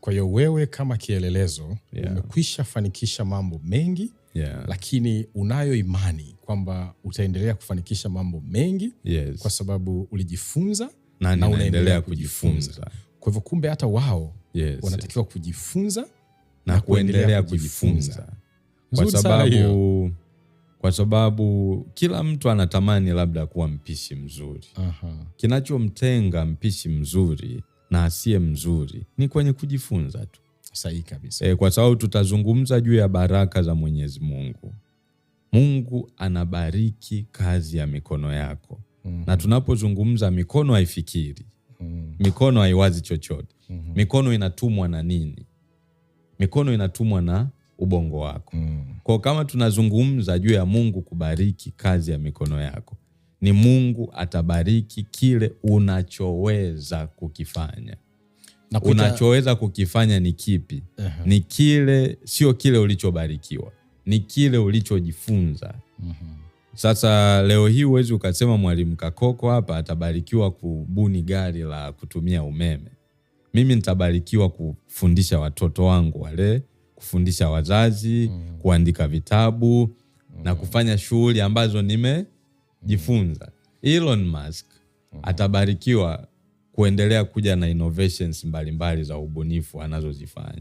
Kwa hiyo wewe kama kielelezo yeah. umekwisha fanikisha mambo mengi yeah. lakini unayo imani kwamba utaendelea kufanikisha mambo mengi yes. kwa sababu ulijifunza na, na unaendelea kujifunza. kujifunza. Kwa hivyo kumbe hata wao yes. wanatakiwa kujifunza na, na kuendelea kujifunza, kujifunza. Kwa sababu, kwa sababu kila mtu anatamani labda kuwa mpishi mzuri. Kinachomtenga mpishi mzuri na asiye mzuri ni kwenye kujifunza tu. Sahihi kabisa. E, kwa sababu tutazungumza juu ya baraka za Mwenyezi Mungu. Mungu anabariki kazi ya mikono yako. Mm -hmm. Na tunapozungumza mikono haifikiri. Mm -hmm. Mikono haiwazi chochote. Mm -hmm. Mikono inatumwa na nini? Mikono inatumwa na ubongo wako. Mm. Kwa kama tunazungumza juu ya Mungu kubariki kazi ya mikono yako, ni Mungu atabariki kile unachoweza kukifanya. kuita... unachoweza kukifanya ni kipi? uh -huh. Ni kile, sio kile ulichobarikiwa, ni kile ulichojifunza. uh mhm. -huh. Sasa leo hii huwezi ukasema Mwalimu Kakoko hapa atabarikiwa kubuni gari la kutumia umeme, mimi nitabarikiwa kufundisha watoto wangu wale, kufundisha wazazi, uh mm. -huh. kuandika vitabu uh -huh. na mm. kufanya shughuli ambazo nime jifunza. Elon Musk mhm. atabarikiwa kuendelea kuja na innovations mbalimbali mbali za ubunifu anazozifanya.